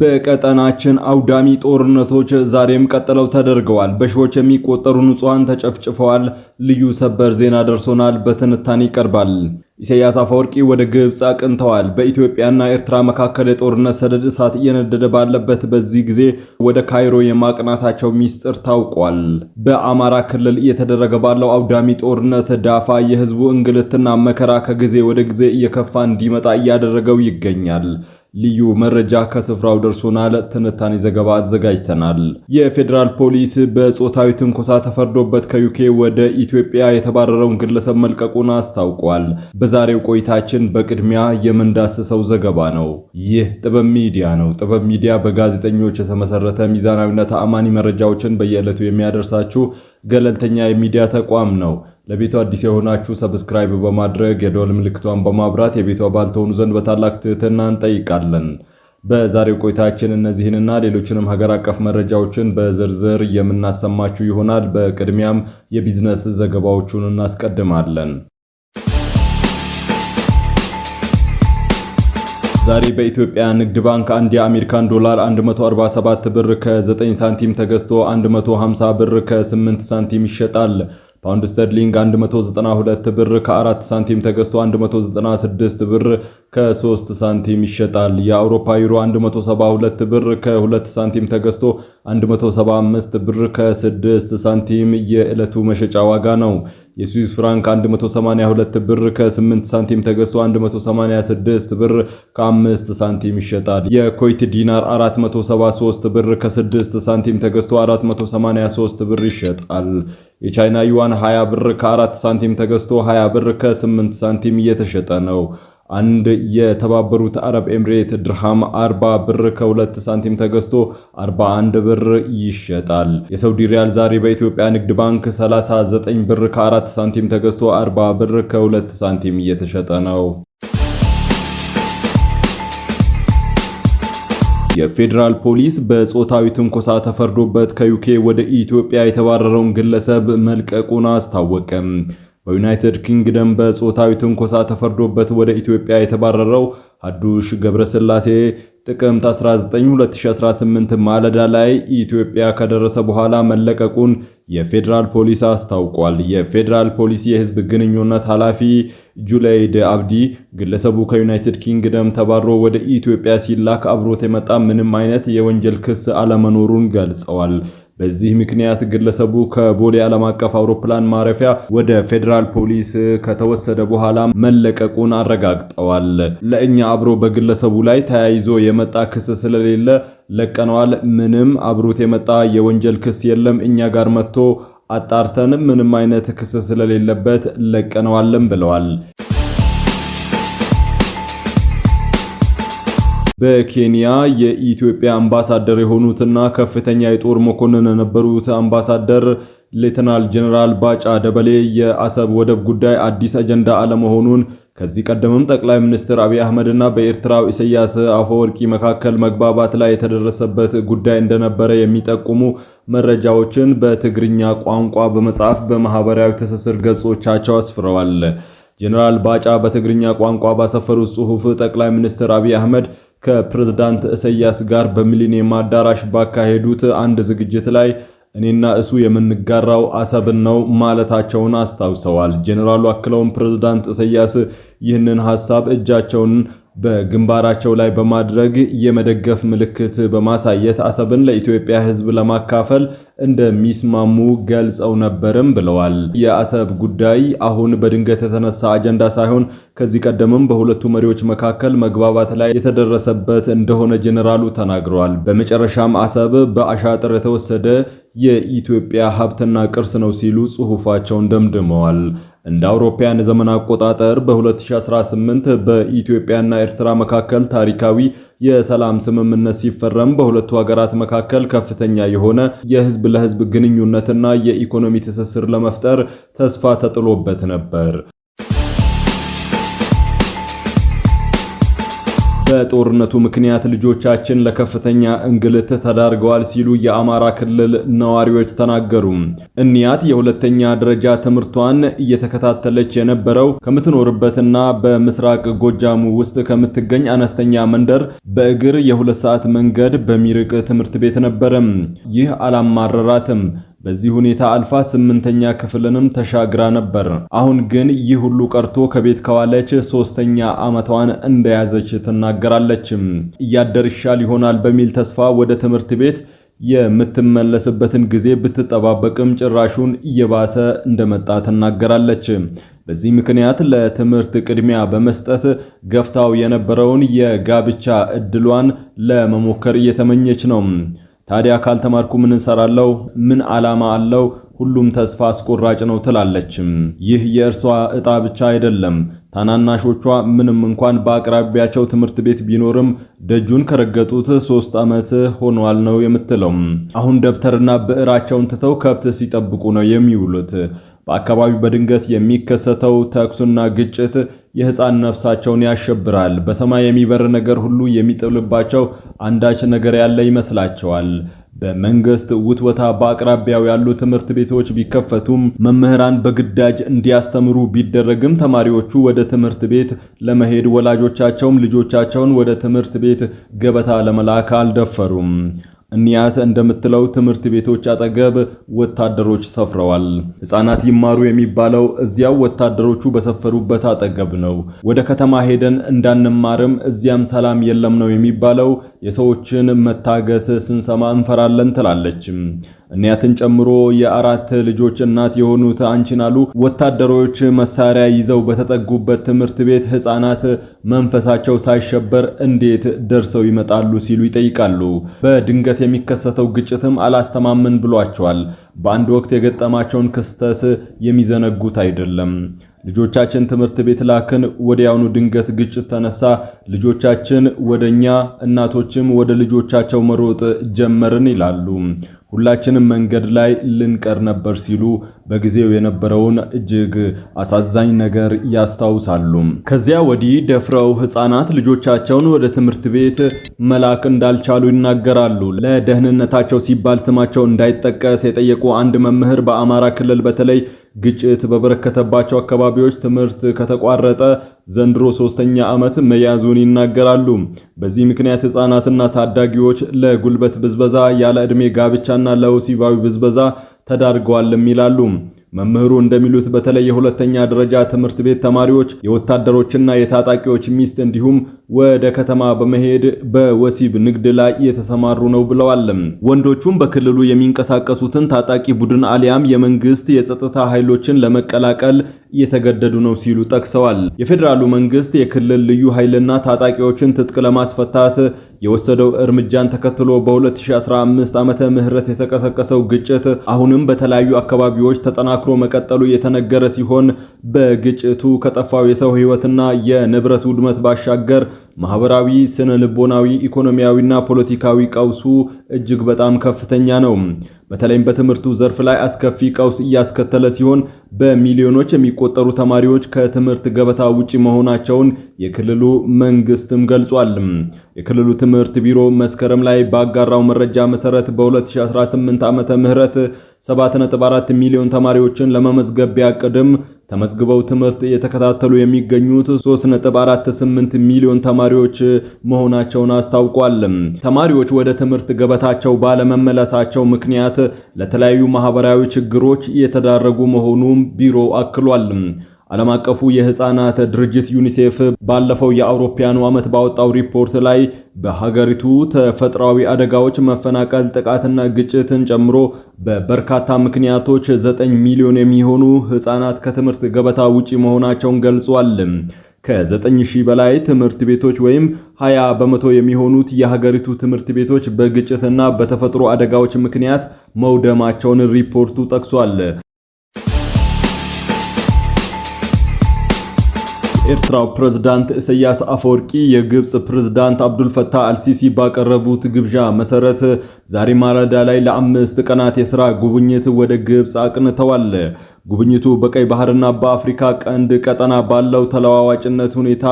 በቀጠናችን አውዳሚ ጦርነቶች ዛሬም ቀጥለው ተደርገዋል። በሺዎች የሚቆጠሩ ንጹሐን ተጨፍጭፈዋል። ልዩ ሰበር ዜና ደርሶናል፣ በትንታኔ ይቀርባል። ኢሳያስ አፈወርቂ ወደ ግብፅ አቅንተዋል። በኢትዮጵያና ኤርትራ መካከል የጦርነት ሰደድ እሳት እየነደደ ባለበት በዚህ ጊዜ ወደ ካይሮ የማቅናታቸው ሚስጥር ታውቋል። በአማራ ክልል እየተደረገ ባለው አውዳሚ ጦርነት ዳፋ የህዝቡ እንግልትና መከራ ከጊዜ ወደ ጊዜ እየከፋ እንዲመጣ እያደረገው ይገኛል። ልዩ መረጃ ከስፍራው ደርሶናል። ትንታኔ ዘገባ አዘጋጅተናል። የፌዴራል ፖሊስ በጾታዊ ትንኮሳ ተፈርዶበት ከዩኬ ወደ ኢትዮጵያ የተባረረውን ግለሰብ መልቀቁን አስታውቋል። በዛሬው ቆይታችን በቅድሚያ የምንዳስሰው ዘገባ ነው። ይህ ጥበብ ሚዲያ ነው። ጥበብ ሚዲያ በጋዜጠኞች የተመሰረተ ሚዛናዊና ተአማኒ መረጃዎችን በየዕለቱ የሚያደርሳችሁ ገለልተኛ የሚዲያ ተቋም ነው። ለቤቱ አዲስ የሆናችሁ ሰብስክራይብ በማድረግ የደወል ምልክቷን በማብራት የቤቱ አባል ትሆኑ ዘንድ በታላቅ ትህትና እንጠይቃለን። በዛሬው ቆይታችን እነዚህንና ሌሎችንም ሀገር አቀፍ መረጃዎችን በዝርዝር የምናሰማችሁ ይሆናል። በቅድሚያም የቢዝነስ ዘገባዎቹን እናስቀድማለን። ዛሬ በኢትዮጵያ ንግድ ባንክ አንድ የአሜሪካን ዶላር 147 ብር ከ9 ሳንቲም ተገዝቶ 150 ብር ከ8 ሳንቲም ይሸጣል። ፓውንድ ስተርሊንግ 192 ብር ከ4 ሳንቲም ተገዝቶ 196 ብር ከ3 ሳንቲም ይሸጣል። የአውሮፓ ዩሮ 172 ብር ከ2 ሳንቲም ተገዝቶ 175 ብር ከ6 ሳንቲም የዕለቱ መሸጫ ዋጋ ነው። የስዊስ ፍራንክ 182 ብር ከ8 ሳንቲም ተገዝቶ 186 ብር ከ5 ሳንቲም ይሸጣል። የኮይት ዲናር 473 ብር ከ6 ሳንቲም ተገዝቶ 483 ብር ይሸጣል። የቻይና ዩዋን 20 ብር ከ4 ሳንቲም ተገዝቶ 20 ብር ከ8 ሳንቲም እየተሸጠ ነው። አንድ የተባበሩት አረብ ኤምሬት ድርሃም 40 ብር ከ2 ሳንቲም ተገዝቶ 41 ብር ይሸጣል። የሳውዲ ሪያል ዛሬ በኢትዮጵያ ንግድ ባንክ 39 ብር ከ4 ሳንቲም ተገዝቶ 40 ብር ከ2 ሳንቲም እየተሸጠ ነው። የፌዴራል ፖሊስ በጾታዊ ትንኮሳ ተፈርዶበት ከዩኬ ወደ ኢትዮጵያ የተባረረውን ግለሰብ መልቀቁን አስታወቀም። በዩናይትድ ኪንግደም በጾታዊ ትንኮሳ ተፈርዶበት ወደ ኢትዮጵያ የተባረረው ሀዱሽ ገብረስላሴ ጥቅምት 19 2018 ማለዳ ላይ ኢትዮጵያ ከደረሰ በኋላ መለቀቁን የፌዴራል ፖሊስ አስታውቋል። የፌዴራል ፖሊስ የህዝብ ግንኙነት ኃላፊ ጁሌይድ አብዲ ግለሰቡ ከዩናይትድ ኪንግደም ተባሮ ወደ ኢትዮጵያ ሲላክ አብሮት የመጣ ምንም አይነት የወንጀል ክስ አለመኖሩን ገልጸዋል። በዚህ ምክንያት ግለሰቡ ከቦሌ ዓለም አቀፍ አውሮፕላን ማረፊያ ወደ ፌዴራል ፖሊስ ከተወሰደ በኋላ መለቀቁን አረጋግጠዋል። ለእኛ አብሮ በግለሰቡ ላይ ተያይዞ የመጣ ክስ ስለሌለ ለቀነዋል። ምንም አብሮት የመጣ የወንጀል ክስ የለም። እኛ ጋር መጥቶ አጣርተን ምንም አይነት ክስ ስለሌለበት ለቀነዋለን ብለዋል። በኬንያ የኢትዮጵያ አምባሳደር የሆኑትና ከፍተኛ የጦር መኮንን የነበሩት አምባሳደር ሌተናል ጀኔራል ባጫ ደበሌ የአሰብ ወደብ ጉዳይ አዲስ አጀንዳ አለመሆኑን ከዚህ ቀደምም ጠቅላይ ሚኒስትር አብይ አህመድና በኤርትራው ኢሳያስ አፈወርቂ መካከል መግባባት ላይ የተደረሰበት ጉዳይ እንደነበረ የሚጠቁሙ መረጃዎችን በትግርኛ ቋንቋ በመጻፍ በማህበራዊ ትስስር ገጾቻቸው አስፍረዋል። ጀኔራል ባጫ በትግርኛ ቋንቋ ባሰፈሩት ጽሑፍ ጠቅላይ ሚኒስትር አብይ አህመድ ከፕሬዝዳንት እሰያስ ጋር በሚሊኒየም አዳራሽ ባካሄዱት አንድ ዝግጅት ላይ እኔና እሱ የምንጋራው አሰብን ነው ማለታቸውን አስታውሰዋል። ጄኔራሉ አክለውን ፕሬዝዳንት እሰያስ ይህንን ሐሳብ እጃቸውን በግንባራቸው ላይ በማድረግ የመደገፍ ምልክት በማሳየት አሰብን ለኢትዮጵያ ሕዝብ ለማካፈል እንደሚስማሙ ገልጸው ነበርም ብለዋል። የአሰብ ጉዳይ አሁን በድንገት የተነሳ አጀንዳ ሳይሆን ከዚህ ቀደምም በሁለቱ መሪዎች መካከል መግባባት ላይ የተደረሰበት እንደሆነ ጀኔራሉ ተናግረዋል። በመጨረሻም አሰብ በአሻጥር የተወሰደ የኢትዮጵያ ሀብትና ቅርስ ነው ሲሉ ጽሑፋቸውን ደምድመዋል። እንደ አውሮፓያን የዘመን አቆጣጠር በ2018 በኢትዮጵያና ኤርትራ መካከል ታሪካዊ የሰላም ስምምነት ሲፈረም በሁለቱ ሀገራት መካከል ከፍተኛ የሆነ የህዝብ ለህዝብ ግንኙነትና የኢኮኖሚ ትስስር ለመፍጠር ተስፋ ተጥሎበት ነበር። በጦርነቱ ምክንያት ልጆቻችን ለከፍተኛ እንግልት ተዳርገዋል ሲሉ የአማራ ክልል ነዋሪዎች ተናገሩ። እኒያት የሁለተኛ ደረጃ ትምህርቷን እየተከታተለች የነበረው ከምትኖርበትና በምስራቅ ጎጃሙ ውስጥ ከምትገኝ አነስተኛ መንደር በእግር የሁለት ሰዓት መንገድ በሚርቅ ትምህርት ቤት ነበረም። ይህ አላማረራትም። በዚህ ሁኔታ አልፋ ስምንተኛ ክፍልንም ተሻግራ ነበር። አሁን ግን ይህ ሁሉ ቀርቶ ከቤት ከዋለች ሶስተኛ ዓመቷን እንደያዘች ትናገራለች። እያደርሻል ይሆናል በሚል ተስፋ ወደ ትምህርት ቤት የምትመለስበትን ጊዜ ብትጠባበቅም ጭራሹን እየባሰ እንደመጣ ትናገራለች። በዚህ ምክንያት ለትምህርት ቅድሚያ በመስጠት ገፍታው የነበረውን የጋብቻ እድሏን ለመሞከር እየተመኘች ነው። ታዲያ ካልተማርኩ ምን እንሰራለው? ምን ዓላማ አለው? ሁሉም ተስፋ አስቆራጭ ነው ትላለችም። ይህ የእርሷ ዕጣ ብቻ አይደለም። ታናናሾቿ ምንም እንኳን በአቅራቢያቸው ትምህርት ቤት ቢኖርም ደጁን ከረገጡት ሶስት ዓመት ሆኗል ነው የምትለው። አሁን ደብተርና ብዕራቸውን ትተው ከብት ሲጠብቁ ነው የሚውሉት። በአካባቢው በድንገት የሚከሰተው ተኩስና ግጭት የሕፃን ነፍሳቸውን ያሸብራል። በሰማይ የሚበር ነገር ሁሉ የሚጥልባቸው አንዳች ነገር ያለ ይመስላቸዋል። በመንግስት ውትወታ በአቅራቢያው ያሉ ትምህርት ቤቶች ቢከፈቱም መምህራን በግዳጅ እንዲያስተምሩ ቢደረግም ተማሪዎቹ ወደ ትምህርት ቤት ለመሄድ ወላጆቻቸውም ልጆቻቸውን ወደ ትምህርት ቤት ገበታ ለመላክ አልደፈሩም። እንያት እንደምትለው ትምህርት ቤቶች አጠገብ ወታደሮች ሰፍረዋል። ሕፃናት ይማሩ የሚባለው እዚያው ወታደሮቹ በሰፈሩበት አጠገብ ነው። ወደ ከተማ ሄደን እንዳንማርም እዚያም ሰላም የለም ነው የሚባለው። የሰዎችን መታገት ስንሰማ እንፈራለን ትላለች። እናያትን ጨምሮ የአራት ልጆች እናት የሆኑት አሉ ወታደሮች መሳሪያ ይዘው በተጠጉበት ትምህርት ቤት ህፃናት መንፈሳቸው ሳይሸበር እንዴት ደርሰው ይመጣሉ ሲሉ ይጠይቃሉ። በድንገት የሚከሰተው ግጭትም አላስተማምን ብሏቸዋል። በአንድ ወቅት የገጠማቸውን ክስተት የሚዘነጉት አይደለም። ልጆቻችን ትምህርት ቤት ላክን፣ ወዲያውኑ ድንገት ግጭት ተነሳ። ልጆቻችን ወደኛ፣ እናቶችም ወደ ልጆቻቸው መሮጥ ጀመርን ይላሉ። ሁላችንም መንገድ ላይ ልንቀር ነበር ሲሉ በጊዜው የነበረውን እጅግ አሳዛኝ ነገር ያስታውሳሉ። ከዚያ ወዲህ ደፍረው ሕፃናት ልጆቻቸውን ወደ ትምህርት ቤት መላክ እንዳልቻሉ ይናገራሉ። ለደህንነታቸው ሲባል ስማቸው እንዳይጠቀስ የጠየቁ አንድ መምህር በአማራ ክልል በተለይ ግጭት በበረከተባቸው አካባቢዎች ትምህርት ከተቋረጠ ዘንድሮ ሶስተኛ ዓመት መያዙን ይናገራሉ። በዚህ ምክንያት ሕፃናትና ታዳጊዎች ለጉልበት ብዝበዛ፣ ያለ ዕድሜ ጋብቻና ለወሲባዊ ብዝበዛ ተዳርገዋልም ይላሉ። መምህሩ እንደሚሉት በተለይ የሁለተኛ ደረጃ ትምህርት ቤት ተማሪዎች የወታደሮችና የታጣቂዎች ሚስት እንዲሁም ወደ ከተማ በመሄድ በወሲብ ንግድ ላይ እየተሰማሩ ነው ብለዋል። ወንዶቹም በክልሉ የሚንቀሳቀሱትን ታጣቂ ቡድን አሊያም የመንግስት የጸጥታ ኃይሎችን ለመቀላቀል እየተገደዱ ነው ሲሉ ጠቅሰዋል። የፌዴራሉ መንግስት የክልል ልዩ ኃይልና ታጣቂዎችን ትጥቅ ለማስፈታት የወሰደው እርምጃን ተከትሎ በ2015 ዓመተ ምህረት የተቀሰቀሰው ግጭት አሁንም በተለያዩ አካባቢዎች ተጠናክሮ መቀጠሉ የተነገረ ሲሆን በግጭቱ ከጠፋው የሰው ህይወትና የንብረት ውድመት ባሻገር ማህበራዊ፣ ስነ ልቦናዊ፣ ኢኮኖሚያዊና ፖለቲካዊ ቀውሱ እጅግ በጣም ከፍተኛ ነው። በተለይም በትምህርቱ ዘርፍ ላይ አስከፊ ቀውስ እያስከተለ ሲሆን በሚሊዮኖች የሚቆጠሩ ተማሪዎች ከትምህርት ገበታ ውጪ መሆናቸውን የክልሉ መንግስትም ገልጿል። የክልሉ ትምህርት ቢሮ መስከረም ላይ ባጋራው መረጃ መሰረት በ2018 ዓመተ ምህረት 7.4 ሚሊዮን ተማሪዎችን ለመመዝገብ ቢያቅድም ተመዝግበው ትምህርት እየተከታተሉ የሚገኙት 3.48 ሚሊዮን ተማሪዎች መሆናቸውን አስታውቋል። ተማሪዎች ወደ ትምህርት ገበታቸው ባለመመለሳቸው ምክንያት ለተለያዩ ማህበራዊ ችግሮች እየተዳረጉ መሆኑም ቢሮ አክሏል። ዓለም አቀፉ የህፃናት ድርጅት ዩኒሴፍ ባለፈው የአውሮፓያኑ ዓመት ባወጣው ሪፖርት ላይ በሀገሪቱ ተፈጥሯዊ አደጋዎች፣ መፈናቀል፣ ጥቃትና ግጭትን ጨምሮ በበርካታ ምክንያቶች ዘጠኝ ሚሊዮን የሚሆኑ ህፃናት ከትምህርት ገበታ ውጪ መሆናቸውን ገልጿል። ከ ከ9000 በላይ ትምህርት ቤቶች ወይም 20 በመቶ የሚሆኑት የሀገሪቱ ትምህርት ቤቶች በግጭትና በተፈጥሮ አደጋዎች ምክንያት መውደማቸውን ሪፖርቱ ጠቅሷል። የኤርትራው ፕሬዝዳንት ኢሳያስ አፈወርቂ የግብፅ ፕሬዝዳንት አብዱልፈታህ አልሲሲ ባቀረቡት ግብዣ መሰረት ዛሬ ማለዳ ላይ ለአምስት ቀናት የሥራ ጉብኝት ወደ ግብፅ አቅንተዋል። ጉብኝቱ በቀይ ባህርና በአፍሪካ ቀንድ ቀጠና ባለው ተለዋዋጭነት ሁኔታ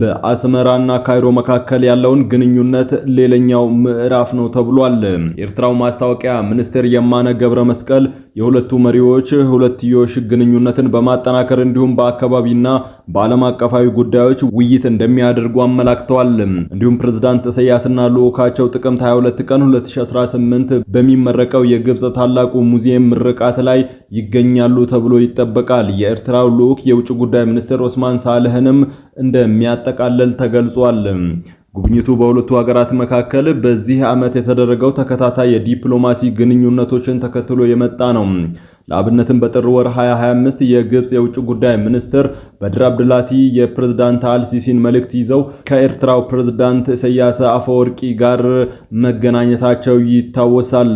በአስመራና ካይሮ መካከል ያለውን ግንኙነት ሌላኛው ምዕራፍ ነው ተብሏል። የኤርትራው ማስታወቂያ ሚኒስቴር የማነ ገብረ መስቀል የሁለቱ መሪዎች ሁለትዮሽ ግንኙነትን በማጠናከር እንዲሁም በአካባቢና በዓለም አቀፋዊ ጉዳዮች ውይይት እንደሚያደርጉ አመላክተዋል። እንዲሁም ፕሬዝዳንት ኢሳያስና ልዑካቸው ጥቅምት 22 ቀን 2018 በሚመረቀው የግብፅ ታላቁ ሙዚየም ምርቃት ላይ ይገኛሉ ተብሎ ይጠበቃል። የኤርትራው ልዑክ የውጭ ጉዳይ ሚኒስትር ኦስማን ሳልህንም እንደሚያጠቃልል ተገልጿል። ጉብኝቱ በሁለቱ ሀገራት መካከል በዚህ ዓመት የተደረገው ተከታታይ የዲፕሎማሲ ግንኙነቶችን ተከትሎ የመጣ ነው። ለአብነትም በጥር ወር 2025 የግብፅ የውጭ ጉዳይ ሚኒስትር በድር አብድላቲ የፕሬዝዳንት አልሲሲን መልእክት ይዘው ከኤርትራው ፕሬዝዳንት ኢሳያስ አፈወርቂ ጋር መገናኘታቸው ይታወሳል።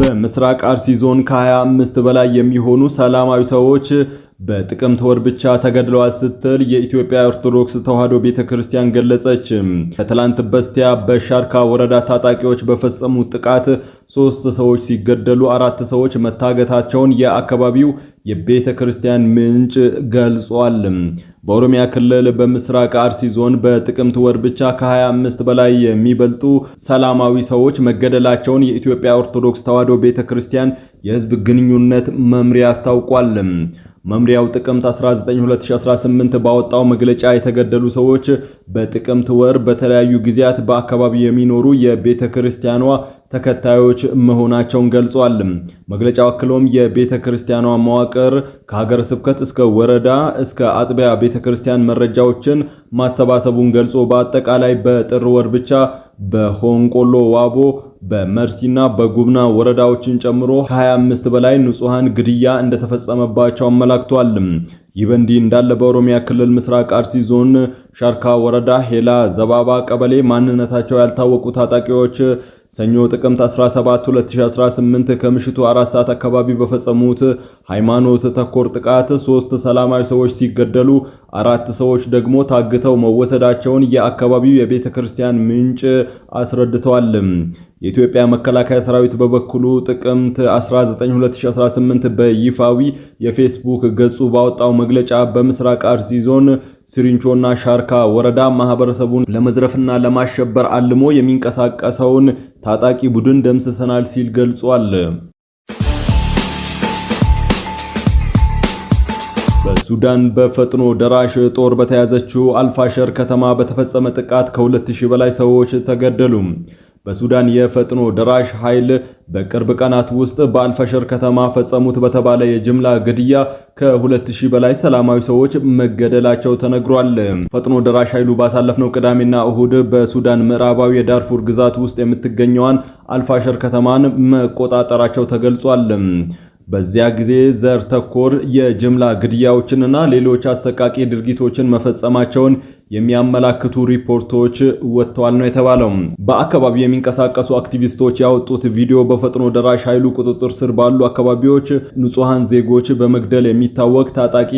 በምስራቅ አርሲ ዞን ከ25 በላይ የሚሆኑ ሰላማዊ ሰዎች በጥቅምት ወር ብቻ ተገድለዋል ስትል የኢትዮጵያ ኦርቶዶክስ ተዋሕዶ ቤተ ክርስቲያን ገለጸች። ከትላንት በስቲያ በሻርካ ወረዳ ታጣቂዎች በፈጸሙት ጥቃት ሶስት ሰዎች ሲገደሉ አራት ሰዎች መታገታቸውን የአካባቢው የቤተ ክርስቲያን ምንጭ ገልጿል። በኦሮሚያ ክልል በምስራቅ አርሲ ዞን በጥቅምት ወር ብቻ ከ25 በላይ የሚበልጡ ሰላማዊ ሰዎች መገደላቸውን የኢትዮጵያ ኦርቶዶክስ ተዋሕዶ ቤተ ክርስቲያን የሕዝብ ግንኙነት መምሪያ አስታውቋል። መምሪያው ጥቅምት 19 2018 ባወጣው መግለጫ የተገደሉ ሰዎች በጥቅምት ወር በተለያዩ ጊዜያት በአካባቢ የሚኖሩ የቤተ ክርስቲያኗ ተከታዮች መሆናቸውን ገልጿል። መግለጫው አክሎም የቤተ ክርስቲያኗ መዋቅር ከሀገር ስብከት እስከ ወረዳ እስከ አጥቢያ ቤተ ክርስቲያን መረጃዎችን ማሰባሰቡን ገልጾ በአጠቃላይ በጥር ወር ብቻ በሆንቆሎ ዋቦ በመርቲና በጉብና ወረዳዎችን ጨምሮ ከ25 በላይ ንጹሐን ግድያ እንደተፈጸመባቸው አመላክቷል። ይህ በእንዲህ እንዳለ በኦሮሚያ ክልል ምስራቅ አርሲ ዞን ሻርካ ወረዳ ሄላ ዘባባ ቀበሌ ማንነታቸው ያልታወቁ ታጣቂዎች ሰኞ ጥቅምት 17 2018 ከምሽቱ 4 ሰዓት አካባቢ በፈጸሙት ሃይማኖት ተኮር ጥቃት ሶስት ሰላማዊ ሰዎች ሲገደሉ አራት ሰዎች ደግሞ ታግተው መወሰዳቸውን የአካባቢው የቤተ ክርስቲያን ምንጭ አስረድተዋል። የኢትዮጵያ መከላከያ ሰራዊት በበኩሉ ጥቅምት 19 2018 በይፋዊ የፌስቡክ ገጹ ባወጣው መግለጫ በምስራቅ አርሲ ዞን ስሪንቾና ሻርካ ወረዳ ማህበረሰቡን ለመዝረፍና ለማሸበር አልሞ የሚንቀሳቀሰውን ታጣቂ ቡድን ደምስሰናል ሲል ገልጿል። በሱዳን በፈጥኖ ደራሽ ጦር በተያዘችው አልፋሸር ከተማ በተፈጸመ ጥቃት ከ2000 በላይ ሰዎች ተገደሉ። በሱዳን የፈጥኖ ደራሽ ኃይል በቅርብ ቀናት ውስጥ በአልፋሸር ከተማ ፈጸሙት በተባለ የጅምላ ግድያ ከ2000 በላይ ሰላማዊ ሰዎች መገደላቸው ተነግሯል። ፈጥኖ ደራሽ ኃይሉ ባሳለፍነው ቅዳሜና እሁድ በሱዳን ምዕራባዊ የዳርፉር ግዛት ውስጥ የምትገኘዋን አልፋሸር ከተማን መቆጣጠራቸው ተገልጿል። በዚያ ጊዜ ዘር ተኮር የጅምላ ግድያዎችንና ሌሎች አሰቃቂ ድርጊቶችን መፈጸማቸውን የሚያመላክቱ ሪፖርቶች ወጥተዋል ነው የተባለው። በአካባቢው የሚንቀሳቀሱ አክቲቪስቶች ያወጡት ቪዲዮ በፈጥኖ ደራሽ ኃይሉ ቁጥጥር ስር ባሉ አካባቢዎች ንጹሐን ዜጎች በመግደል የሚታወቅ ታጣቂ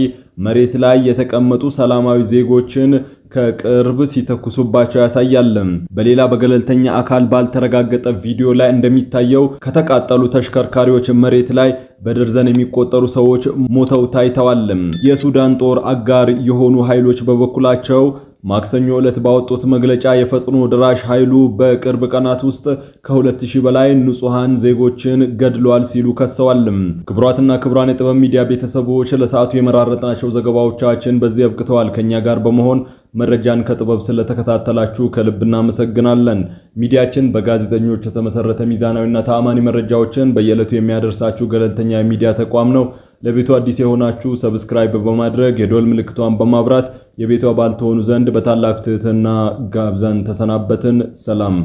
መሬት ላይ የተቀመጡ ሰላማዊ ዜጎችን ከቅርብ ሲተኩሱባቸው ያሳያል። በሌላ በገለልተኛ አካል ባልተረጋገጠ ቪዲዮ ላይ እንደሚታየው ከተቃጠሉ ተሽከርካሪዎች መሬት ላይ በደርዘን የሚቆጠሩ ሰዎች ሞተው ታይተዋል። የሱዳን ጦር አጋር የሆኑ ኃይሎች በበኩላቸው ማክሰኞ ዕለት ባወጡት መግለጫ የፈጥኖ ድራሽ ኃይሉ በቅርብ ቀናት ውስጥ ከ2000 በላይ ንጹሐን ዜጎችን ገድሏል ሲሉ ከሰዋል። ክቡራትና ክቡራን የጥበብ ሚዲያ ቤተሰቦች ለሰዓቱ የመራረጥናቸው ዘገባዎቻችን በዚህ አብቅተዋል። ከእኛ ጋር በመሆን መረጃን ከጥበብ ስለተከታተላችሁ ከልብ እናመሰግናለን። ሚዲያችን በጋዜጠኞች የተመሰረተ ሚዛናዊና ተአማኒ መረጃዎችን በየዕለቱ የሚያደርሳችሁ ገለልተኛ የሚዲያ ተቋም ነው። ለቤቱ አዲስ የሆናችሁ ሰብስክራይብ በማድረግ የዶል ምልክቷን በማብራት የቤቱ አባል ትሆኑ ዘንድ በታላቅ ትህትና ጋብዘን ተሰናበትን። ሰላም